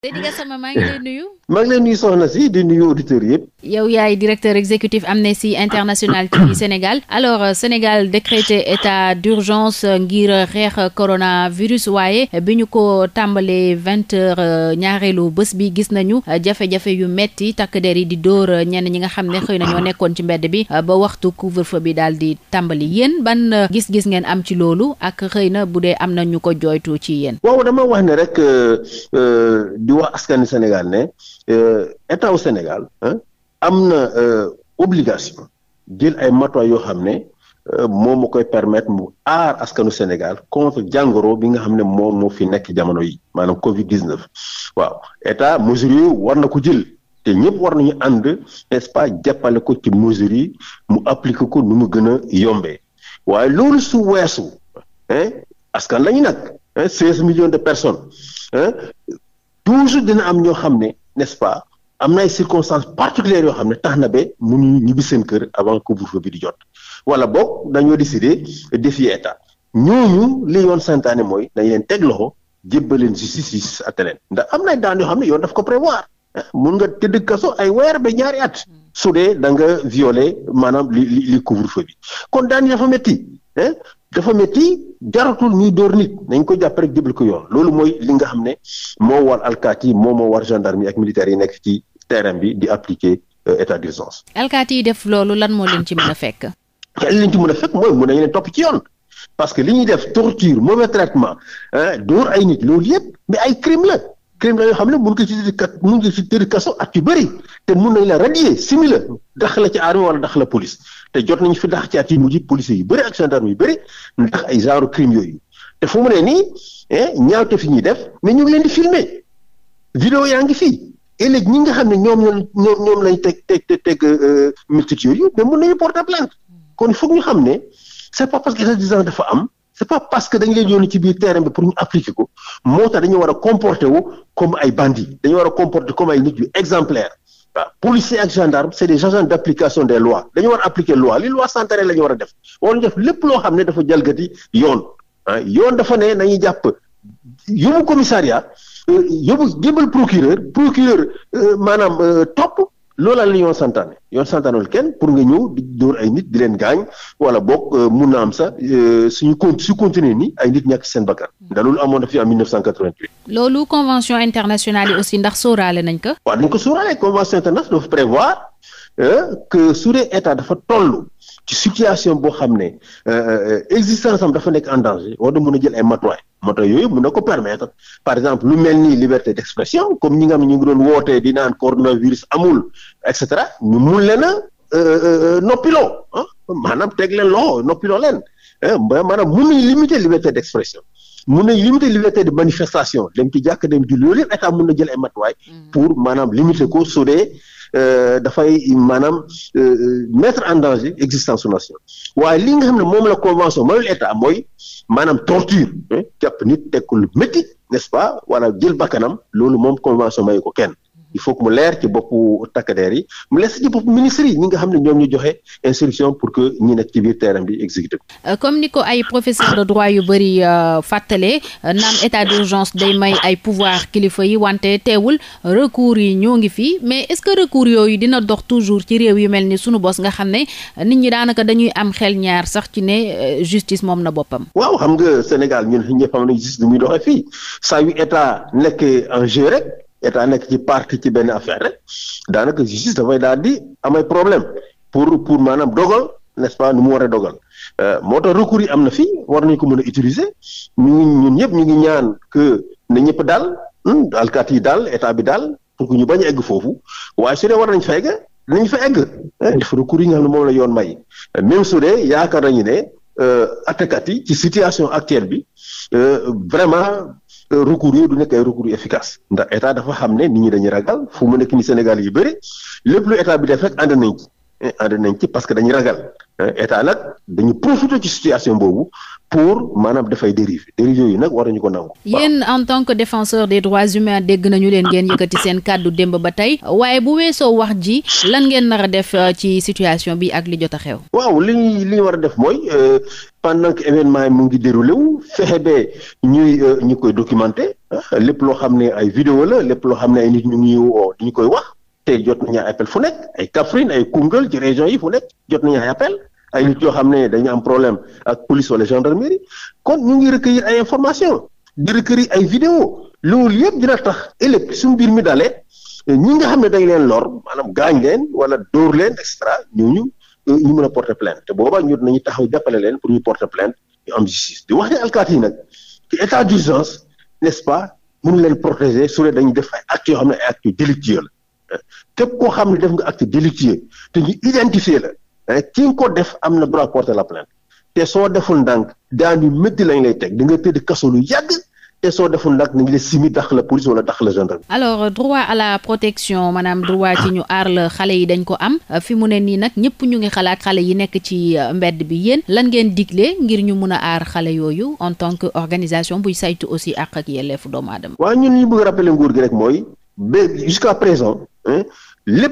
Seydi Gassama maa ngi lay nuyu. maa ngi lay nuyu soxna si di nuyu auditeurs yëpp. yow yaay directeur exécutif Amnesty International ci Sénégal alors euh, Sénégal décrété état d'urgence ngir xeex coronavirus waaye bi ñu ko tàmbalee vingt euh, ñaareelu bés bi gis nañu euh, jafe-jafe yu metti takk der yi di dóor ñenn ñi nga xam ne xëy na ñoo nekkoon ci mbedd bi ba waxtu couvre-feu bi daal di tàmbali yéen ban gis-gis ngeen am ci loolu ak xëy na bu dee am na ñu ko jooytu ci yéen. waaw di wax askani Sénégal ne euh, état wu Sénégal am na euh, obligation jël ay matuwaay yoo xam ne euh, moom moo koy permettre mu aar askanu Sénégal contre jàngoro bi nga xam ne moom moo fi nekk jamono yi maanaam Covid 19 waaw état mesures yooyu war na ko jël. te ñëpp war nañu ànd n'est-ce pas jàppale ko ci mesures yi mu appliquer ko nu mu gën yombe waaye loolu su weesu askan lañu nag seize million de personnes toujours dina am ñoo xam ne n'est-ce pas am na ay circonstances particulières yoo xam ne tax na be mu ñibbi seen kër avant couvre-feu bi di jot wala boog dañoo décider défier état ñooñu li yoon santaane mooy dañ leen teg loxo jébbal leen justice yi atte leen ndax am na ay daan yoo xam ne yoon daf ko prévoir ah, mun nga tëdd kaso ay weer ba ñaari at su dee da nga violer maanaam li li couvre-feu bi kon daan yi dafa métti ah, dafa métti jaratul ñuy dóor nit nañ ko jàpp rek ko yoon loolu mooy li nga xam ne moo war alkaati yi moo moo war gendarmerie ak militaire yi nekk ci terrain bi di appliquer euh, état d'urgence. alkaati yi def loolu lan moo leen ci mën a fekk. li leen ci mën a fekk mooy mën nañu leen topp ci yoon parce que li ñuy def torture mauvais traitement euh, dóor ay nit loolu yëpp mais ay crime la. crime la yoo xam ne mun ko ci tëri kat mun nga ci tëri kaso at yu bëri te mun nañ la radier simi dax la ci armée wala dax la police te jot nañu fi dax ci at yu mujj policiers yu bëri ak gendarme yu bëri ndax ay genre crime yooyu te fu mu ne nii ñaawte fi ñuy def mais ñu leen di filmer yaa ngi fii et léegi ñi nga xam ne ñoom ñoom lañ teg teg teg teg euh, multitude yooyu mais mun nañu porter plainte kon foog ñu xam ne c'est pas parce que état d'urgence dafa am c'est pas parce que dañ leen yónni ci biir terrain bi pour ñu appliquer ko moo tax dañu war a comporter wu comme ay bandits dañu war a comporter comme ay nit yu exemplaire waaw policiers ak gendarme c'est des agents d'application des lois dañu war a appliquer loi li loi santaane la ñu war a def war def lépp loo xam ne dafa jalgati yoon ah yoon dafa ne nañu jàpp yóbbu commissariat euh, yóbbu jébal procureur procureur euh, maanaam euh, topp loola la yoon santaane yoon santaanul kenn pour nga ñëw di dóor ay nit di leen gaañ wala boog euh, mun na am sax euh, suñu con su continuer nii ay nit ñàkk seen bakkan mm. ndax loolu amoon na fi en 1988. loolu convention internationale yi aussi ndax sooraale nañ ko. waaw dañ ko sóoraale convention internationale dafa prévoir euh, que su dee état dafa toll. ci situation boo xam ne existence am dafa nekk en danger war da mën a jël ay matuwaay moto yooyu mun na ko permettre par exemple lu mel nii liberté d'expression comme ñi nga xam ne ñu ngi doon wootee di naan coronavirus amul et cetera ñu mun leen a euh, euh, euh, noppiloo ah maanaam teg leen loxo noppiloo leen maanaam mun nañ limiter liberté d'expression mun nañ limiter liberté de manifestation dem ci jàkk dem julli loolu yëpp état mun na jël ay matuwaay mm-hmm. pour maanaam limiter ko su dee Euh, dafay maanaam euh, euh, mettre en danger existence su nation waaye li nga xam ne moom la convention mayul état mooy maanaam torture jàpp nit teg ko lu métti nest pas wala jël bakkanam loolu moom convention mayu ko kenn il faut que mu leer ci boppu takkadeer yi mu leer ci boppu ministre yi ñi nga xam ne ñoom ñu joxe instruction pour que ñi nekk ci biir terrain bi exécuté ko. Euh, comme ni ko ay professeur de droit yu bëri euh, fàttalee euh, naan état d'urgence day may ay pouvoir kilifa yi wante teewul recours yi ñoo ngi fii mais est-ce que recours yooyu dina dox toujours ci réew yu mel ni sunu bos nga xam ne nit ñi daanaka dañuy am xel ñaar sax ci ne justice moom na boppam. waaw xam nga Sénégal ñun ñëpp xam nañu justice bi muy doxee état nekk ci parti ci benn affaire rek daanaka justice dafay daal di amay problème pour pour maanaam dogal n'est-ce nu mu war a dogal euh, moo tax recours yi am na fi war nañ ko mën a utiliser ñu ngi ñëpp ñu ngi ñaan na ñëpp daal hmm, alkaati yi daal état bi daal pour ñu bañ egg foofu waaye war nañ fa egg nañ fa egg def eh, recours nga xam ne moom la yoon may même su dee yaakaar nañu ne euh, attakat yi ci situation actuelle bi euh, vraiment recours yooyu du nekk ay recours yu efficace ndax état dafa xam ne nit ñi dañuy ragal fu mu nekk ni Sénégal yu bëri lépp état bi def rek ànd nañ ci eh, ànd nañ ci parce que dañuy ragal Euh, état nag dañu profité ci situation boobu pour maanaam dafay dérive dérive yi nag war waruñu ko nangu. yéen en tant que défenseur des droits humains dégg nañu leen ngeen yëkkati seen kàddu démb ba tey waaye bu weesoo wax ji lan ngeen nar a def euh, ci situation bi ak li jot a xew. waaw li ñu li war a def mooy euh, pendant que événement yi mu ngi déroulé wu fexe ba ñuy ñu koy documenté ah, lépp loo xam ne ay vidéo la lépp loo xam ne ay nit ñu ngi woo ñu koy wax te jot nañu fu ay Kaffrine ay Koungheul ci région yi fu nekk jot nañu ay ay nit yoo xam ne dañu am problème ak police wala gendarmerie kon ñu ngi recueillir ay information di recueillir ay vidéo loolu yëpp dina tax ëllëg su mbir mi dalee ñi nga xam ne dañ leen lor maanaam gaañ leen wala dóor leen et ñu ñooñu euh, ñu mën a porter plainte te boobaa ñu nañu taxaw jàppale leen pour ñu porter plainte ñu am justice di wax ne alkaati yi nag que état d'urgence n'est-ce pas mënu leen protéger su dañu def ay actes yoo xam ne ay actes délictueux la euh, képp koo xam ne def nga acte délictueux te ñu identifier la Eh, ki nga ko def am na droit porter la plainte te soo deful ndànk daan yu métti lañ lay teg da nga tëdd kaso lu yàgg te soo deful nag ni ngi la simi dax la police wala dax la gendarme. alors euh, droit à la protection maanaam droit ci ñu aar la xale yi dañ ko am euh, fi mu ne nii nag ñëpp ñu ngi xalaat xale yi nekk ci euh, mbedd bi yéen lan ngeen digle ngir ñu mun a aar xale yooyu en tant que organisation buy saytu aussi àq ak yelleefu doomu aadama. waaye ñun ñu bëgg rappeler nguur gi rek mooy ba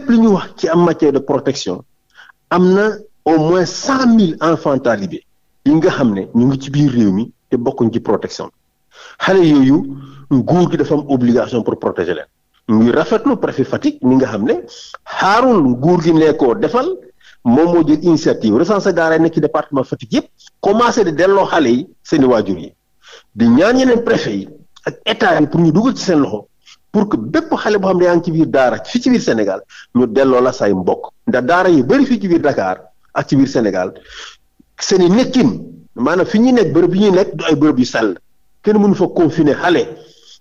lu ñu wax ci am matière protection am na au moins cent mille enfants talibé yi nga xam ne ñu ngi ci biir réew mi te bokkuñ ci protection xale yooyu nguur gi dafa am obligation pour protéger leen ngi rafetlu préfet Fatick mi nga xam ne xaarul nguur gi nekkoo defal moom moo jël initiative recensé daara nekk ci département Fatick yëpp commencé di delloo xale yi seen i waajur yi di ñaan yeneen préfet yi ak état yi pour ñu dugal ci seen loxo pour que bépp xale boo xam ne yaa ngi ci biir daara fii ci biir Sénégal ñu delloo la say mbokk ndax daara yi bëri fii ci biir Dakar ak ci biir Sénégal seen i nekkin maanaam fi ñuy nekk bërëb yi ñuy nekk du ay bërëb yu sell kenn mënu fa confiner xale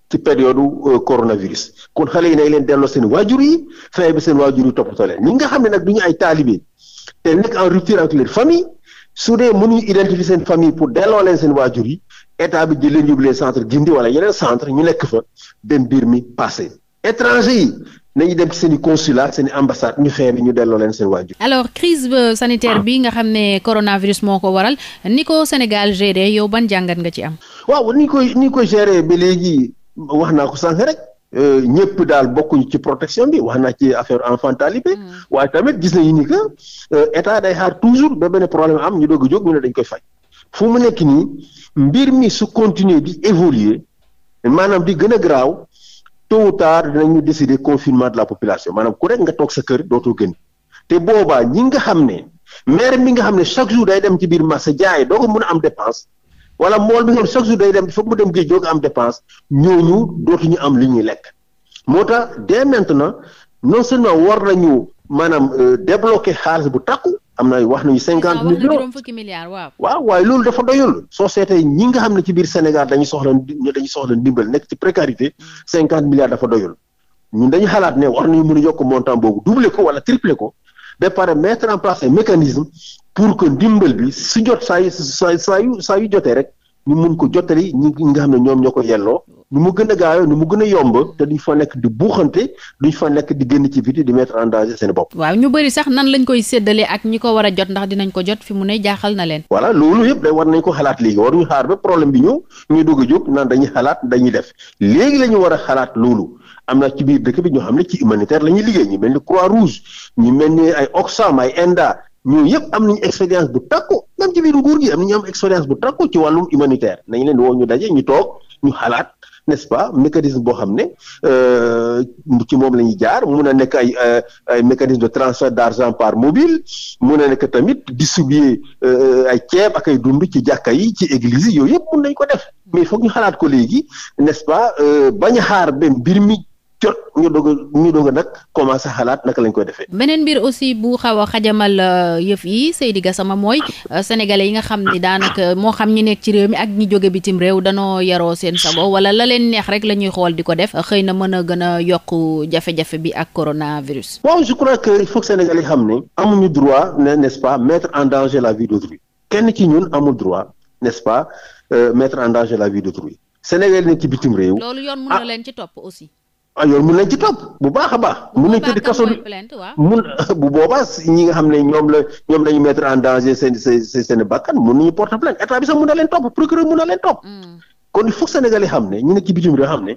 ci période euh, coronavirus kon xale yi nañ leen delloo seen waajur yi fexe ba seen waajur yi toppatoo leen ñi nga xam ne nag du ñu ay taalibe te nekk en rupture avec leur famille su dee mënuñu identifier seen famille pour delloo seen waajur yi état bi jël leen yóbbu centre Gindi wala yeneen centre ñu nekk fa dem mbir mi passé étranger yi nañu dem ci seen i consulat seen i ambassade ñu xeebi ñu delloo leen seen waajur alors crise euh, sanitaire bi nga xam ne coronavirus moo ko waral ni ko Sénégal géré yow ban jàngat nga ci am. waaw ni koy ni koy géré ba léegi wax naa ko sànq rek. Euh, ñëpp daal bokkuñu ci protection bi wax naa ci affaire enfant talibé hmm. waaye tamit gis nañu ni que euh, état day xaar toujours ba benn problème am ñu doog a dañ koy faj. fu mu nekk nii mbir mi su continuer di évoluer maanaam di gën a garaaw tôt ou tard dinañu décider confinement de la population maanaam ku rek nga toog sa kër dootoo gën te boobaa ñi nga xam ne maire mi nga xam ne chaque jour day dem ci biir marché jaay doo ko mën a am dépense wala mool bi nga xam chaque jour day dem foog mu dem géej doo ko am dépense ñooñu dootuñu am li ñuy lekk moo tax dès maintenant non seulement war nañu maanaam euh, débloquer xaalis bu takku am na wax nañu cinquante millions waaw waaye loolu dafa doyul soo seetee ñi nga xam ne ci biir Sénégal dañu soxla dañu soxla ndimbal nekk ci précarité mm. cinquante milliards dafa doyul ñun dañu xalaat ne war nañu mën a yokk montant boobu doubler ko wala tripler ko ba pare mettre en place mécanisme pour que ndimbal bi su jot saa yu saa yu saa yu jotee rek ñu mun ko jotali ñi nga xam ne ñoom ñoo ko yelloo nu mu gën a gaaw nu mu gën a yomb te duñ fa nekk di buuxante duñ fa nekk di génn ci biti di mettre en danger seen bopp. waaw ñu bëri sax nan lañ koy séddalee ak ñi ko war a jot ndax dinañ ko jot fi mu ne jaaxal na leen. voilà loolu yëpp day war nañ ko xalaat léegi waruñu xaar ba problème bi ñëw ñuy dugg a jóg naan dañuy xalaat dañuy la ñu war xalaat loolu. am na ci biir dëkk bi ñoo xam ne ci humanitaire la ñuy liggéey ñu mel ni Croix ñu mel ni ay Oxfam ay ENDA ñooñu yëpp am nañu expérience bu takku même ci biir nguur gi am nañu am expérience bu takku ci wàllum humanitaire nañ leen woo ñu daje ñu toog ñu xalaat n'est-ce pas mécanisme boo xam ne euh, ci moom la jaar mun a nekk ay euh, ay mécanisme de transfert d'argent par mobile mun a nekk tamit distribuer euh, ay ceeb ak ay dund ci jàkka yi ci église yi yooyu yëpp mun nañ ko def mais foog ñu xalaat ko léegi nest pas bañ xaar ba mbir mi jot ñu doog ñu doog nag commencé xalaat naka lañ koy defee. beneen mbir aussi bu xaw a xajamal euh, yëf yi Seydi sama mooy euh, sénégalais yi nga xam ni daanaka moo xam ñi nekk ci réew mi ak ñi jóge bitim réew danoo yaroo seen sago wala la leen neex rek la ñuy xool di ko def xëy na mën a gën a yokk jafe-jafe bi ak coronavirus. waaw je crois que il faut que sénégalais xam ne amuñu droit n'est-ce pas mettre en danger la vie d'autrui kenn ci ñun amul droit n'est-ce pas euh, mettre en danger la vie d'autrui Sénégal ci bitim réew. loolu ah. leen ci topp aussi. ah yoon mun nañ ci topp bu baax a baax. mun nañ tëdd kaso mun bu boobaa ñi nga xam ne ñoom la ñoom lañu mettre en danger seen seen seen bakkan mun nañu porter plainte état bi sax mun na leen topp procureur mun na leen topp. Mm. kon il faut Sénégal yi xam ne ñu nekk ci bitim réew xam ne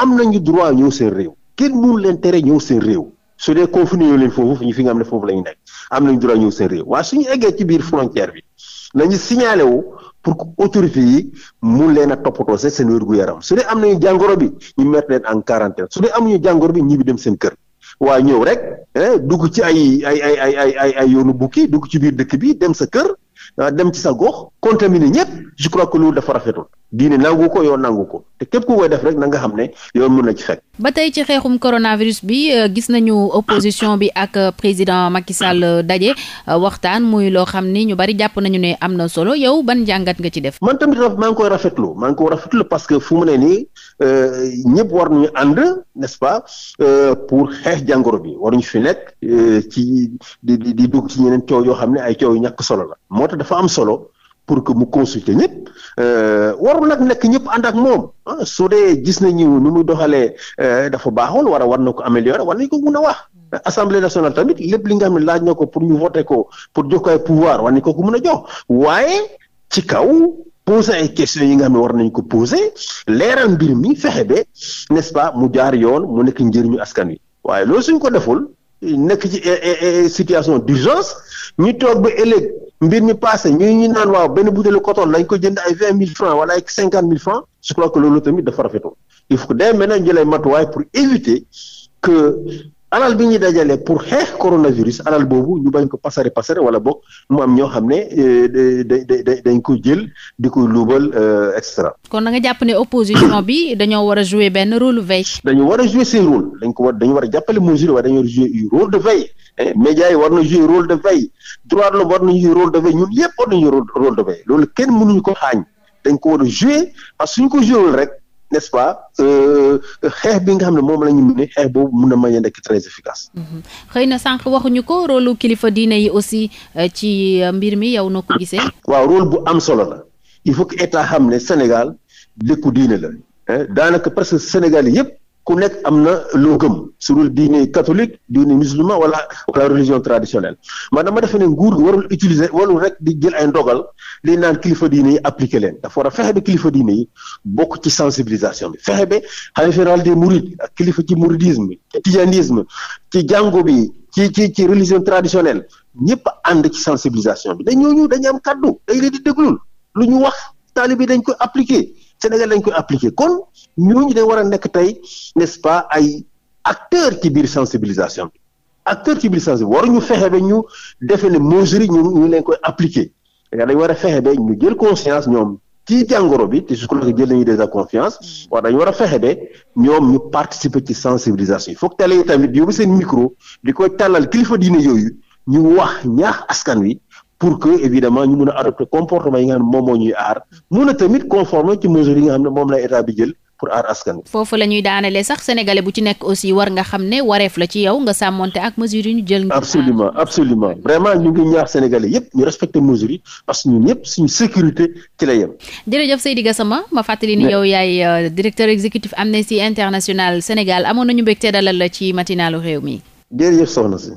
am nañu droit ñëw seen réew kenn mënu leen seen réew su dee confiné yoo leen foofu ñu fi nga ne foofu la ñu nekk am nañu droit ñëw eggee ci biir frontière bi nañu signalé wu pour que autorité yi mu leen a toppatoo seen seen wérgu yaram su dee am nañu jàngoro bi ñu mettre leen en quarantaine su dee amuñu jàngoro bi ñibbi dem seen kër waaye ñëw rek eh, dugg ci ay ay ay ay ay ay yoonu bukki dugg ci biir dëkk bi dem sa kër Ah, dem ci sa gox contaminer ñëpp je crois que loolu dafa rafetul diine nangu ko yow nangu ko te képp ku koy def rek na nga xam ne yow mun na ci fekk. ba tey ci xeexum coronavirus bi euh, gis nañu opposition bi ak euh, président Macky Sall euh, daje waxtaan muy loo xam ni ñu bari jàpp nañu ne am na solo yow ban jàngat nga ci def. man tamit maa ngi koy rafetlu maa ngi koy rafetlu parce que fu mu ne nii ñëpp war nañu ànd n'est-ce pas pour xeex jàngoro bi waruñu fi nekk ci di di dugg ci ñeneen coow yoo xam ne ay coow yu ñàkk solo la. woote dafa am solo pour que mu consulter ñëpp euh, war nag nekk ñëpp ànd ak moom ah, su dee gis nañu nu muy doxalee euh, dafa baaxul war a war na ko améliorer war nañu ko mun a wax. Assemblée nationale tamit lépp li nga xam ne laaj na ko pour ñu voter ko pour jox ko ay pouvoir war ko ko mun a jox waaye ci kaw. poser ay questions yi nga xam ne war nañ ko poser leeral mbir mi fexe ba n'est-ce pas mu jaar yoon mu nekk njëriñu askan wi waaye loolu suñ ko deful nekk ci eh, eh, eh, situation d'urgence ñu toog ba ëllëg mbir mi passé ñuy ñu naan waaw benn butéelu coton nañ ko jënd ay vingt mille francs wala ay cinquante mille francs je crois que loolu tamit dafa rafetul il faut que day mel ne ñu jëlee matuwaay pour éviter que alal bi ñuy dajalee pour xeex coronavirus alal boobu ñu bañ ko pasare pasare wala boog mu am ñoo xam ne euh, dañ ko jël di ko luubal euh, et cetera. kon da nga jàpp ne opposition bi dañoo war a jouer benn rôle veille. dañu war a jouer seen rôle dañ ko war dañu war a jàppale mesure waaye dañoo war a jouer rôle de veille eh, média yi war na jouer rôle de veille droit de l'homme war na jouer rôle de veille ñun yëpp war nañu rôle de veille loolu kenn mënuñu ko xaañ dañ ko war a jouer parce que ko jouer rek. n'est-ce pas euh, xeex bi nga xam ne moom lañu ñu mën xeex boobu mun na mën a nekk très efficace. Mhm. xëy na sànq waxuñu ko rôle kilifa diine yi aussi euh, ci euh, mbir mi yow noo ko gisee. waaw rôle bu am solo la il faut que état xam ne Sénégal dëkku diine la daanaka presque Sénégal yëpp. ku nekk am na loo gëm surul diine catholique diine musulman wala wala religion traditionnelle man dama defe ne nguur gi warul utiliser warul rek di jël ay ndogal li naan kilifa diine yi appliqué leen dafa war a fexe ba kilifa diine yi bokk ci sensibilisation bi fexe ba xalifa général des mourides ak kilifa ci mouridisme tijanisme ci jàngo bi ci ci ci religion traditionnelle ñëpp ànd ci sensibilisation bi dañ ñu dañu am kaddu dañ leen di déglul lu ñu wax taalibe dañ koy appliqué Sénégal lañ koy appliquer kon ñu ñooñu dañ war a nekk tey n'est-ce pas ay acteurs ci biir sensibilisation bi acteurs ci biir sensibilisation waruñu fexe ba ñu defee ne mesures yi ñu ñu leen koy appliquer dañ war a fexe ba ñu jël conscience ñoom ci jàngoro bi te su ko jël nañu déjà confiance mm. war dañu war a fexe ba ñoom ñu participer ci sensibilisation yi foog télé yi tamit yóbbu seen micro di koy tàllal kilifa diine yooyu ñu wax ñaax askan wi. pour que évidemment ñu mun a adopter comportement yi nga xam moom moo ñuy aar mun a tamit conforme ci mesures nga xam ne moom la état bi jël pour aar askan foofu la ñuy sax sénégalais bu ci nekk aussi war nga xam ne wareef la ci yow nga sàmmonte ak mesures ñu jël. absolument absolument vraiment ñu ngi ñaax sénégalais yépp ñu respecté mesures yi parce que ñun ñëpp suñu sécurité ci la yem. jërëjëf Seydi Gassama ma fàttali ni yow yaay euh, directeur exécutif Amnesty amoon nañu mbégte la ci